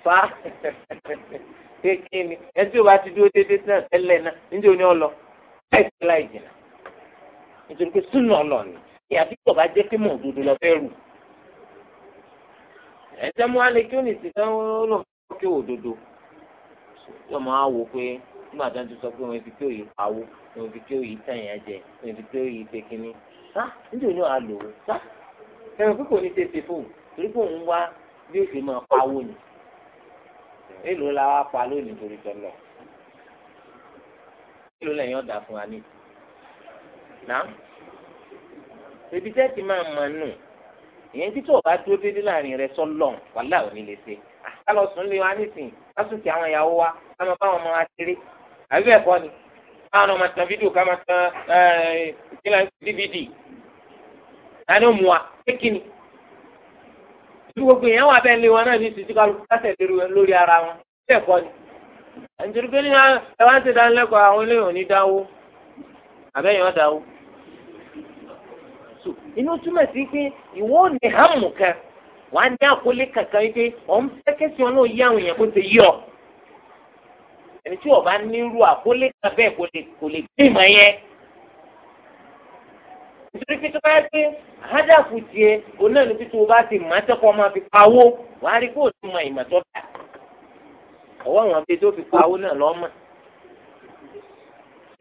fa kékeré ẹ tí o bá ti dúró déédéé náà tẹ́lẹ̀ náà níjẹ́ o ní ọlọ ẹ̀ àbí tó bá jẹ́ pé mọ̀ òdodo lọ fẹ́ rù. ẹ̀sẹ̀ mú alẹ́ kí ó nì sí sáwọn olóòfin kí òdodo yóò máa wò pé nígbà tó ń ti sọ pé wọn fi kí òye pawó wọn fi kí òye tàn yẹn jẹ wọn fi kí òye ṣe kínní sá nítorí náà a lò ó sá ẹ̀rọ pípò ní tètè fóun torí pé òun wá bí ó ṣe máa pawó ni èlò la wá pa lónìí torí tọ́lọ̀ èlò lẹ́yìn ọ̀dà fún wa ní. náà ebi tẹ́ ti máa mọ̀ nù ìyẹn tí tó o bá dúró déédéé láàrin rẹ sọlọ́n wàhálà ò ní lè ṣe ká lọ sùn lé wa nísìn ká sùn kí àwọn ìyàwó wa ká máa bá wọn máa ṣeré àbí bẹ́ẹ̀ kọ́ ni káwọn ọmọ tan fídíò ká máa tan ìpínlẹ̀ dvd láni ó mu wa kékinni ìlú gbogbo èèyàn wà bẹ́ẹ̀ lé wọn náà ní ìsìtí kálukú kásẹ̀ lórí ara wọn bẹ́ẹ̀ kọ́ ni àǹtí pé ní ẹ wá ń ṣe dánilẹ́kọ̀ọ́ àwọn so inú túmọ̀ sí pé ìwọ ò ní hàmù kan wàá ní àkólé kankan wípé ọ̀n fẹ́ kẹ́sì wọn náà yí àwọn èèyàn kó ti yí ọ. ẹni tí ọba nírú àkólé kan bẹ́ẹ̀ kò lè kò lè gbé ìmọ̀ yẹn. nítorí pé tó bá yẹ pé hádàfù tiẹ̀ òun náà ní pípé o bá ti mọ̀ ẹ́tẹ́kọ̀ máa fi pawó wàá rí kó o ti mọ ìmọ̀ tó bá. ọwọ́ àwọn abẹ́ tó fi pawó náà lọ́mọ̀.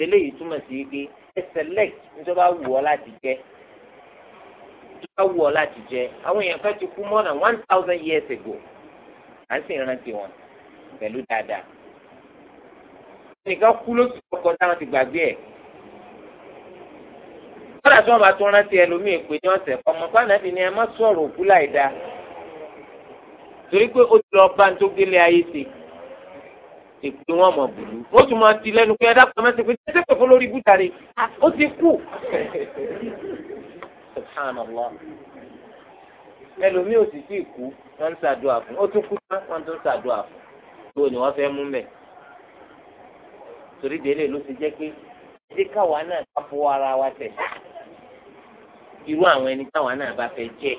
eléyìí túmọ̀ sí pé ẹ select ní tó wù ọ láti jẹ́ tó bá wù ọ́ láti jẹ àwọn èèyàn kan ti kú more than one thousand years ago à ń sì rántí wọn pẹ̀lú dáadáa nìkan kú lóṣù kọkọ táwọn ti gbàgbé ẹ̀ kọ́dà tí wọ́n bá tún rántí ẹlòmíì pé ní ọ̀sẹ̀ ọmọ fáànàbì ni ẹ má sọ̀rọ̀ òkú láì dáa torí pé ó ti lọ bá ń tó gbélé ayé ṣe èpè wọn mọ̀ bùrú ó tún máa ti lẹ́nu pé ẹ dákun ẹ pé ṣé pẹ̀fọ́ lórí bùtàrí ah, ó ti kú subhanallah ẹlòmíì ò sì tí ì kú wọ́n ń ṣàdúrà fún ó tún kú tán wọ́n tún ń ṣàdúrà fún gbogbo ni wọ́n fẹ́ mú mẹ́ torí délé ló ti jẹ́ pé ṣé káwa náà bá fọwọ́ ara wa tẹ̀ irú àwọn ẹni táwa náà bá fẹ́ jẹ́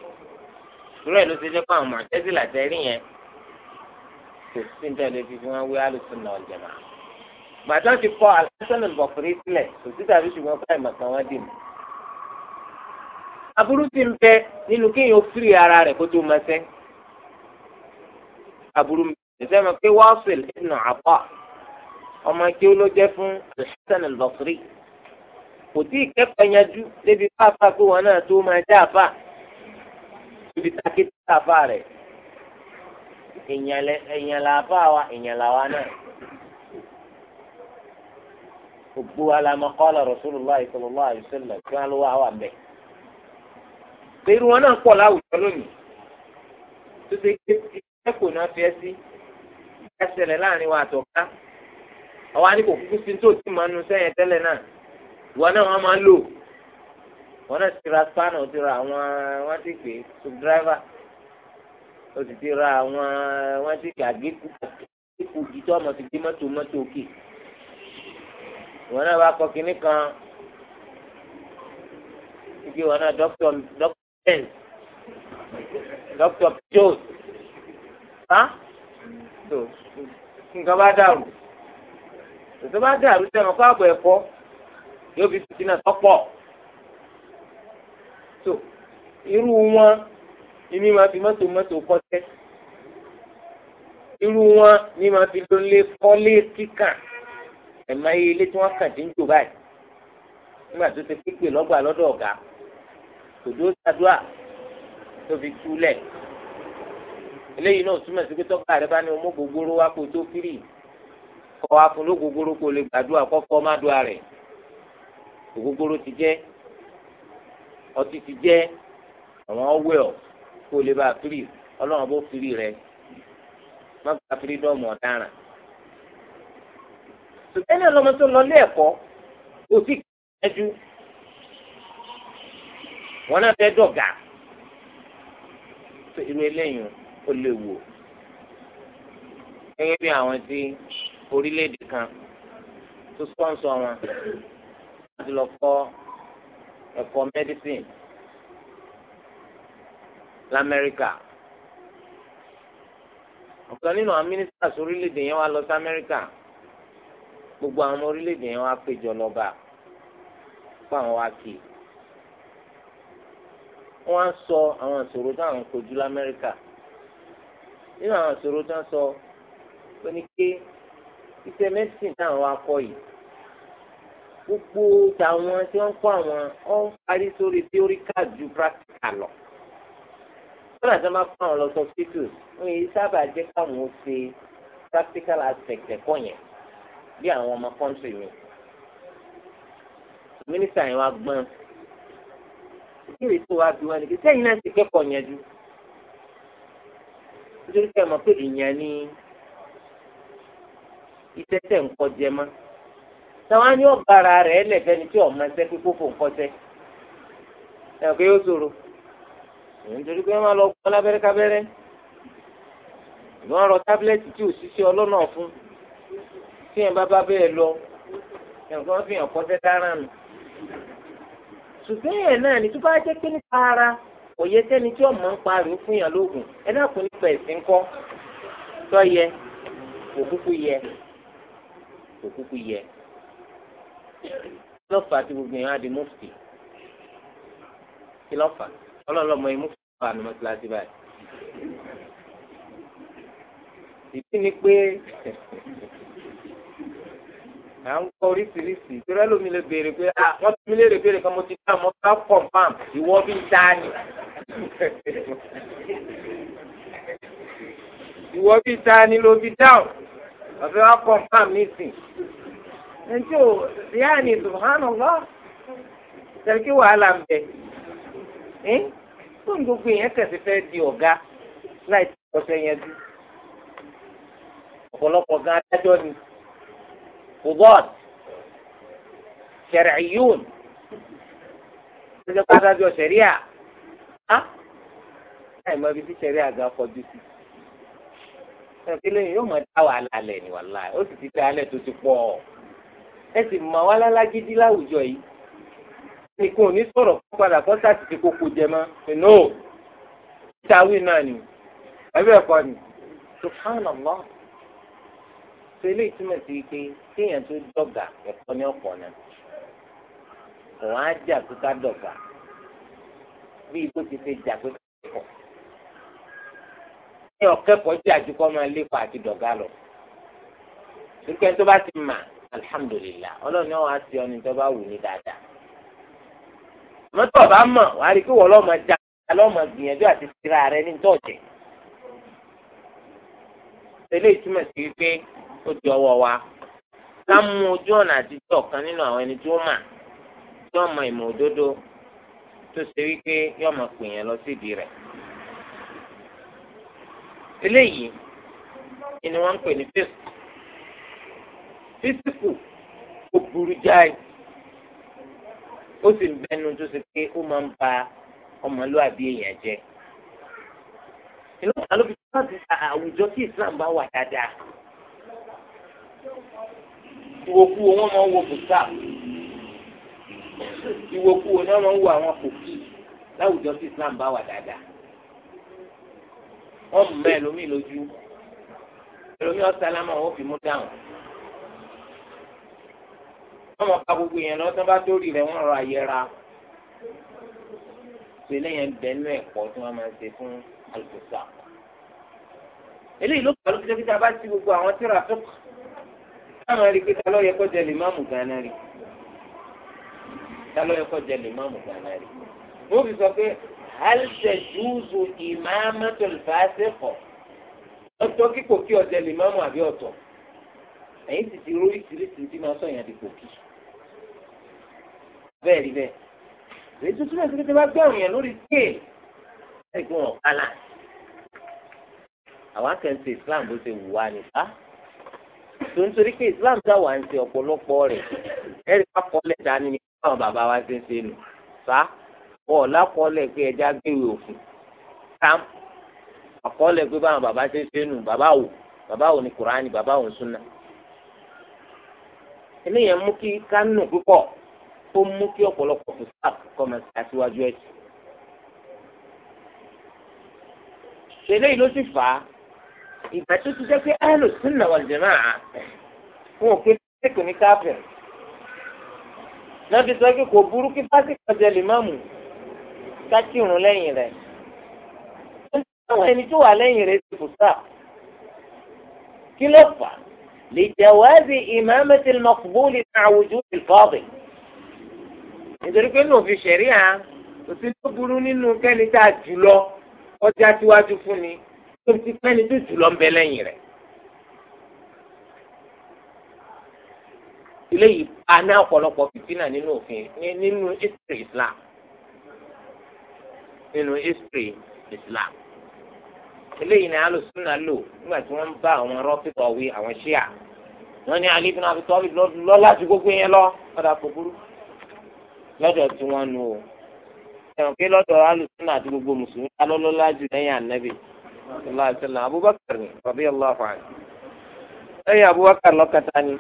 irú ẹ̀ ló ti jẹ́ pé àwọn mọ̀tẹ́sí làtẹ́rì yẹn kò sí ní tẹ́lẹ̀ fífi wọn wé alùsùnà ọ̀jẹ̀mà gbàtà ti kọ́ alásọ̀nà bọ̀fìrí sílẹ̀ kò sí tàbí ṣùgbọ́n fáìmọ̀ kan wọ́n dì mọ́ aburú ti ń bẹ nínú kéèyàn firi ara rẹ̀ kó tó máa sẹ́ aburú mi ẹsẹ̀ mọ̀ pé Wasil ibn Ata ọmọ kí ó ló jẹ́ fún Al-Hasan Al-Basri kò tí ì kẹ́kọ̀ọ́ yanjú débi pápá pé wọn náà tó máa jẹ́ àfà níbi takété àfà rẹ̀ èèyàn là àfà wa èèyàn là wa náà gbogbo alamọ qala Rasulullah sallallahu alaihi wasallam kí wọn ló wà wà irú wọn náà pọ̀ láwùjọ lónìí tó ṣe pé ẹ̀kọ́ náà fi ẹ́ sí ẹsẹ̀lẹ̀ láàrin wa àtọ̀ká àwa ní kò kúkú sí tó ti máa nu sẹ́yìn tẹ́lẹ̀ náà ìwọ náà wọ́n máa lò wọ́n náà ti ra spanner ti ra àwọn wọ́n ti pè subdriver ó sì ti ra àwọn wọ́n ti pè àgékù àgékù jìtọ́ ọmọ ti gbé mọ́tò mọ́tò òkè ìwọ náà bá kọ kínní kan ike wọn náà dókítà ten Dr. Jones ha tó nǹkan bá dàrú tó bá dàrú sẹ́wọ̀n kó ẹ̀kọ́ yóò fi irú wọn ni máa fi mọ́tò mọ́tò irú wọn ni máa fi kọ́lé ẹ̀ma ilé tí wọ́n kàn báyìí nígbà tó ti pípé lọ́gbà lọ́dọ̀ ọ̀gá. kòdó sàdúà tó fi túlẹ̀ eléyìí náà túmọ̀ sí pé tọ́ka rẹ bá ní ọmọ gbogbooro wá kó tó fírì kọ́ wa fún ló gbogbooro kó lè gbàdúrà kọ́kọ́ má dúà rẹ̀ gbogbooro ti jẹ́ ọtí ti jẹ́ àwọn ọwẹ́ ọ̀ kó lè bá fírì ọlọ́run bó fírì rẹ má gba fírídọ́ọ̀mù ọ̀daràn ṣùgbọ́n ní ọlọ́mọ tó lọ lé ẹ̀kọ́ òsì kẹ́jú wọn náà fẹ́ dọ̀gà tó irú eléyìí ó léwu gẹ́gẹ́ bí àwọn tí orílẹ̀-èdè kan tó sponsor wọn láti lọ kọ́ ẹ̀kọ́ medicine lamẹ́ríkà ọ̀kan nínú àwọn ministers orílẹ̀-èdè yẹn wá lọ sí amẹ́ríkà gbogbo àwọn ọmọ orílẹ̀-èdè yẹn wá péjọ lọ́ba fún àwọn wá kì í wọ́n á sọ àwọn ìṣòro táwọn ń kojú lamẹ́ríkà nínú àwọn ìṣòro tó ń sọ pé ní pé iṣẹ́ mẹ́dísìn táwọn wá kọ́ yìí gbogbo tàwọn tí wọ́n kọ́ àwọn ọ̀ ń parí sórí tíóríkà ju pírátíkà lọ kọ́nà tí wọ́n bá fún àwọn lọ sọ status wọ́n yìí sábà jẹ́ káwọn ó ṣe practical aspect ẹ̀kọ́ yẹn bí àwọn ọmọ kọ́ńtì mi mínísítà yẹn wá gbọ́n ìbéèrè tó wá bí wọn ni kíkẹ́ yìí náà ti kẹ́kọ̀ọ́ yẹn ju nítorí pé mọ̀ pé èèyàn ni iṣẹ́ tẹ̀ ń kọjẹ bara táwọn á ní ọ̀bára rẹ̀ lẹ̀fẹ́ ni tí ọ̀ma ṣẹ́ pé kófò ń kọjẹ́ ẹ̀ pé ó ṣòro nítorí pé wọ́n lọ kọ́ lábẹ́rẹ́ kábẹ́rẹ́ wọ́n rọ tábìlẹ́tì tí ò ṣiṣẹ́ ọlọ́nà fún tí yẹn bá bá bẹ́ẹ̀ lọ ẹ̀ wọ́n fi hàn kọ́ṣẹ́ dáràn nù. ṣùgbọ́n ẹ̀ náà ni tó bá jẹ́ pé nípa ara kò yẹ sẹ́ni tí ọmọ ń pariwo fún yàn lóògùn ẹ náà kò nípa ẹ̀sìn kọ́ tó yẹ kò kúkú yẹ kò kúkú yẹ kí lọ́ọ̀fà ti gbogbo yẹn á mufti kí lọ́ọ̀fà ọlọ́ọ̀lọ́mọ yẹn mufti wà ní mọ́tíláṣí báyìí ìdí ni pé à ń kọ oríṣiríṣi ìtura lómi lè béèrè pé à wọ́n ti mi lè béèrè kan mo ti dá mo ká kọ̀ǹpam ìwọ bí ta ni. ìwọ bí ta ni ló fi dáhùn ọ̀fẹ́ wa kọ̀ǹpam nísìn. ẹnjú ò yá ni subhanallah sẹ́kí wàhálà ń bẹ. fún gbogbo èèyàn kẹsì fẹ́ di ọ̀gá láì tọ́sẹ̀ yẹn dú. ọ̀pọ̀lọpọ̀ gan adájọ́ ni. قضاة شرعيون ṣe kó adájọ́ شريعة، á ما ibi tí ṣẹ̀ríà gan fọjú sí. ẹ̀kílẹ̀ yóò mọ̀ dá wàhálà lẹ̀ ní wàhálà ó sì ti dá alẹ́ tó ti pọ̀ ẹ sì mọ̀ wá lálágídí láwùjọ yìí. nìkan ò ní sọ̀rọ̀ fún padà kọ́ sáàtì kókó jẹ mọ́ ìtawí náà ni ẹ̀bẹ̀ ẹ̀kọ́ ni subhanallah so eléyìí túmọ̀ sí pé kéèyàn tó dọ̀gà ẹ̀kọ́ ní ọ̀pọ̀ náà òun á jà pé ká dọ̀gà bí ibo ti ṣe jà pé ká kẹ́kọ̀ọ́ ní ọ̀kẹ́kọ̀ọ́ jà ju kọ́ máa lépa àti dọ̀gà lọ nígbà tó bá ti mà alihamudulilayi ọlọ́run náà wàá ti ọni tó bá wù ní dáadáa mọ́tò ọ̀bá mọ̀ wàá rí i wọ́n lọ́ọ́ máa jà lọ́ọ́ máa gbìyànjú àti tira rẹ ní tọ́ọ̀jẹ̀ eléyìí túmọ̀ sí pé ó di ọwọ́ wa ká mú ojú ọ̀nà àtijọ́ kan nínú àwọn ẹni tó mà tí wọ́n mọ ìmọ̀ òdodo tó ṣe wípé yóò máa pè yẹn lọ síbi rẹ̀. eléyìí ni wọ́n ń pè ní físíkù físíkù ó burú jáì ó sì ń bẹnu tó ṣe pé ó máa ń ba ọmọlúwàbí èèyàn jẹ́. ìlú àlọ́ fi kí àwùjọ tí Islam bá wà dáadáa ìwòkú wọn máa ń wo bùtà ìwòkú wọn náà máa ń wo àwọn kòkì láwùjọ tí Islam bá wà dáadáa wọn mú ẹlòmíì lójú ẹlòmíì ọ̀sálámà wọn fi mú dáhùn wọn mọ̀ ká gbogbo yẹn lọ́sán bá tó rí rẹ̀ wọ́n rọ àyẹ̀ra pé lẹ́yìn bẹ́ẹ̀nú ẹ̀kọ́ tí wọ́n máa ń ṣe fún alùpùpù àpò eléyìí ló pàlọ́ kí dókítà bá ti gbogbo àwọn tíra fẹ́kọ̀ọ́ táwọn ẹni pé talọ́ yẹ kó jẹ lè máàmù gánà rí talọ́ yẹ kó jẹ lè máàmù gánà rí wọ́n fi sọ pé alṣẹ̀júùzù ìmáàmátòlùfàṣẹ́kọ̀ ọ̀tọ̀ kíkò kí ọ̀jẹ̀ lè máàmù àbí ọ̀tọ̀ ẹ̀yìn sì ti rórí tìrìtìrì tí máa sọ̀yìn àdìpọ̀ kì bẹ́ẹ̀ rí bẹ́ẹ̀ èyí tó túnbọ̀ sí pé bá gbẹ̀rù yẹn lórí scale ẹ̀gbọ́n ọ̀kálà àwọn akẹ́ńtì Islam bó ṣe wù wá nípa tó nítorí pé Islam dá wà ń ṣe ọ̀pọ̀lọpọ̀ rẹ̀ ẹ̀rí akọọ́lẹ̀ dání ni báwọn bàbá wa ṣe ń ṣe nù sá ọ̀ lákọọ́lẹ̀ pé ẹja gbéwèé òfin sam akọọ́lẹ̀ pé báwọn bàbá ṣe ń ṣe nù bàbá wò bàbá wò ní Kùránì bàbá wò ní Súnà. eléyẹn mú kí kánú púpọ̀ ó mú kí ọ̀pọ̀lọpọ̀ fúsàk kọ́mọ aṣíwájú ẹ̀sìn. ṣẹlẹ̀ yìí ló sì fà á ìgbà tó ti jẹ́ pé ahlu sunna wal jamaa wọn ò pé fásitì ní káfíìn náà fi sọ pé kò burú kí fásitì ọjọ́ lè má mú ká kírun lẹ́yìn rẹ̀ àwọn ẹni tó wà lẹ́yìn rẹ̀ ti fòsà kí ló fà lè jẹ̀wáàzì imamati al-maqbuli ma'a wujudi nítorí pé ní òfin ṣẹ̀ríà òsì tó burú nínú kẹ́ni tá a jù lọ ọjà tiwájú fún ni tó ti pẹ́ni tó jù lọ ń bẹ lẹ́yìn rẹ̀. eléyìí a ná ọ̀pọ̀lọpọ̀ fìtínà nínú òfin nínú history Islam nínú history Islam eléyìí ni alùsùnà lò nígbà tí wọ́n ń bá àwọn rọ́pìtọ̀ wí àwọn ṣíà wọ́n ní alẹ́ ìbínú àfi tọ́bi lọ láti gbogbo yẹn lọ padà kò burú lọ́dọ̀ tí wọ́n nu o ẹ̀wọ̀n pé lọ́dọ̀ alùsùnà àti gbogbo mùsùlùmí alọ́lọ́lá jù lẹ́yìn ànábì sallallahu alaihi wasallam abubakar ni radiyallahu anhu lẹ́yìn abubakar lọ́kàn tani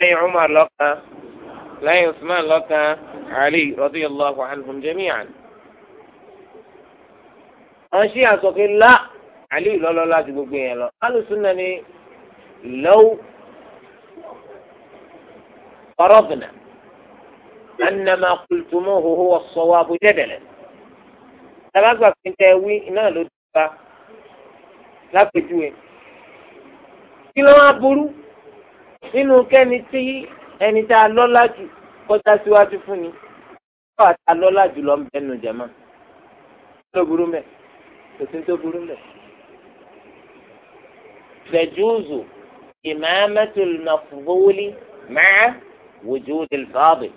lẹ́yìn umar lọ́kàn lẹ́yìn usman lọ́kàn ali radiyallahu anhum jami'an àwọn ṣí àsọ̀kè lá àlè ìlọ́lọ́ láti gbogbo yẹn lọ alùsùnà ni lọ́wọ́ ọ̀rọ̀bìnà anamá kùlùtùmọ̀ هو الصواب abujẹ́dẹ̀lẹ̀ tàbá gbà pé ń tẹ́ lápèjúwe kí ló wá burú nínú kẹ́ni tí ẹni tá a lọ́lá jù kọjá síwájú fún ni kọ́ àtà lọ́lá jù lọ ń bẹnu jẹ̀mọ́ kí ló burú mẹ́ kò sí tó burú mẹ́. fẹ̀júùzù ìmáàmẹ́tò lùnàfọwọ́lì máa wòjú ìlfàbì.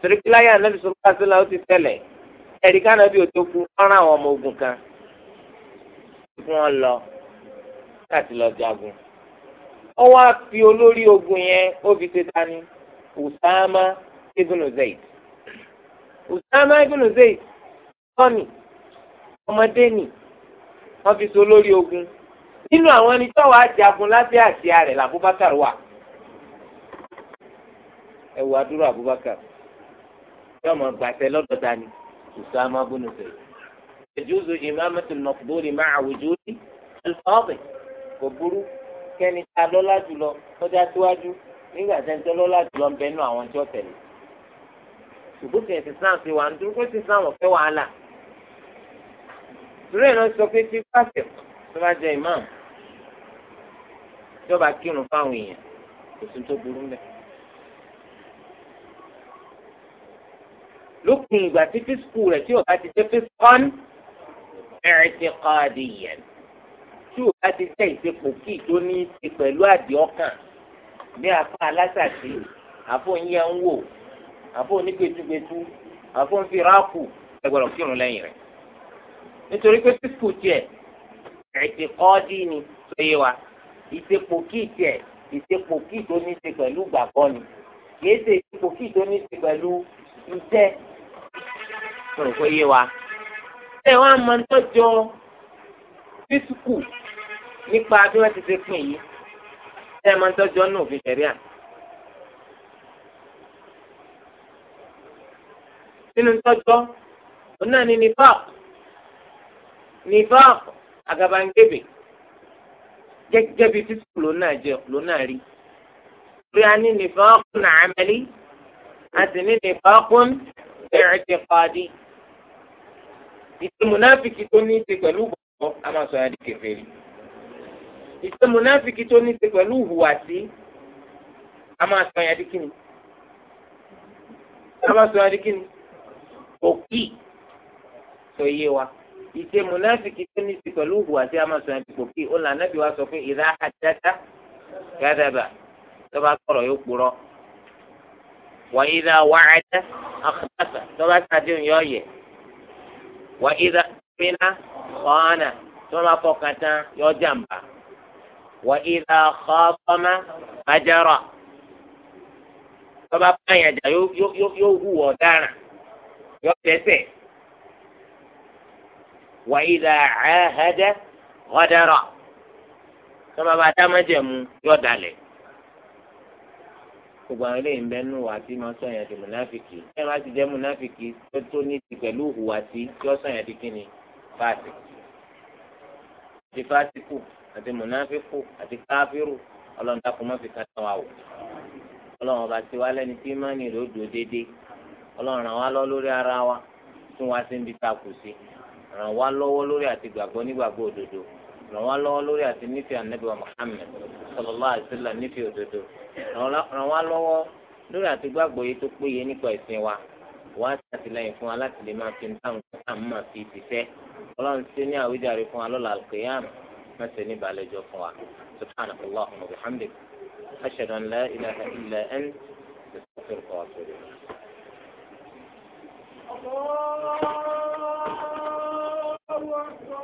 torí kí láyé ànábì sọ́kà sílá ó ti tẹ̀lẹ̀ ẹ̀ríkà náà bí o tó kú ọ̀ràn àwọn ọmọ ogun kan tí wọ́n lọ láti lọ jagun ó wá fi olórí ogun yẹn ó fi ṣe tani Usama ibn Zayd Usama ibn Zayd tọ́ni ọmọdé nì wọ́n fi ṣe olórí ogun nínú àwọn ẹni tó wàá jagun lábẹ́ àsíá rẹ̀ làbúbákàr wà ẹ wò adúrò Abubakar yóò lọ́dọ̀ dání Usama ibn Zayd ẹ̀júzù ìmáàmẹ́tò mọ̀kúdórì máa àwùjọ́rí ẹ̀lọ́ọ̀bì kò burú kẹ́ni tá a lọ́lá jùlọ kọjá síwájú nígbà tẹ́ ń tọ́ lọ́lá jùlọ ń bẹnu àwọn tí ó tẹ̀lé. ṣùgbọ́n tí ẹ̀sìn islam ṣe wà ń dúró pé tí islam ọ̀fẹ́ wàhálà. ìṣúra ìran sọ pé tí pàṣẹ tó bá jẹ ìmáàmù tó bá kírun fáwọn èèyàn kò sí tó burú mẹ́. lópin ìgbà tí fíṣkù rẹ̀ tí ò i'tiqadiyyan tí o bá ti jẹ́ ìsepò kí tó ní ti pẹ̀lú àdì ọkàn bí afọ alásàtì àfọ ìyẹn ń wò àfọ onígbètúgbètú àfọ ń fi ráàkù ẹgbẹ̀rún kírun lẹ́yìn rẹ̀ nítorí pé sísù tiẹ̀ i'tiqadi ni tó yé wa ìsepò kí tiẹ̀ ìsepò kí tó ní ti pẹ̀lú gbàgbọ́ ni kìí ṣe ìsepò kí tó ní ti pẹ̀lú iṣẹ́ tó rò pé yé wa ẹ wá mọ ní tọ́jọ́ físíkù nípa bí wọ́n ti ṣe pín yìí ṣé ẹ mọ ní tọ́jọ́ náà òfin ṣẹ̀rí à. nínú tọ́jọ́ òun náà ní nifaq nifaq àgàbàǹgebè gẹ́gẹ́ bí físíkù lòun náà jẹ lòun náà rí bí a ní nifaqun amali a sì ní nifaqun i'tiqadi ìpè mùnáfìkì tó ní í ṣe pẹ̀lú ìgbàgbọ́ a máa sọ yẹn di kèfèrí ìpè mùnáfìkì tó ní í ṣe pẹ̀lú ìhùwàsí a máa sọ yẹn di kíni a máa sọ yẹn di kíni òkì sọ yé wa ìṣe mùnáfìkì tó ní í ṣe pẹ̀lú ìhùwàsí a máa sọ yẹn di òkì ó lànà bí wàá sọ pé ìdá àdáta gàdàbà tọ́ba kọ̀rọ̀ yóò kúrọ́ wàyí dá wàhálà àkàtà tọ́ba sàdéhùn yọ̀ yẹ̀ wà ìdá pínlá ọ̀hánà tí wọ́n bá fọkàn tán yọ jàǹbá wà ìdá kọ́kọ́má bàjárọ̀ tọ́ba pààyànjà yóò hu ọ̀daràn yóò tẹ̀sẹ̀ wà ìdá àhẹ́dẹ́ ọ̀daràn tọ́ba bá dámájẹ̀mú yóò dalẹ̀ gbogbo àwọn eléyìí ń bẹ nù wá sí máa sọyàn di múnáfìkì ẹ má ti jẹ múnáfìkì tó tó ní ti pẹ̀lú ìhùwà sí kí ọ sọyàn di kíni fásitì àti fásitì àti múnáfìkù àti káfíru ọlọ́run dákun má fi kan tán wa wò ọlọ́run ọba tiwa lẹ́ni tí mánì rẹ̀ ó dúró déédéé ọlọ́run ràn wá lọ lórí ara wa tún wá sí ibi tá a kù sí ràn wá lọ́wọ́ lórí àti gbàgbọ́ nígbàgbọ́ òdodo ràn wá lọ́wọ́ lórí àti nífẹ̀ẹ́ ànábì wa Muhammad sallallahu alaihi wasallam nífẹ̀ẹ́ òdodo ràn wá lọ́wọ́ lórí àti gbàgbọ́ yìí tó péye nípa ìsìn wa wá ṣàtìlẹ́yìn fún wa láti lè máa fi táwọn àmọ́ fi ìfẹ́ ọlọ́run ṣe ní àwíjàre fún wa lọ́la alqiyam mẹ́sẹ̀ ní balẹ̀jọ́ fún wa subhanahu wa ta'ala alhamdulilayi ashhadu an الله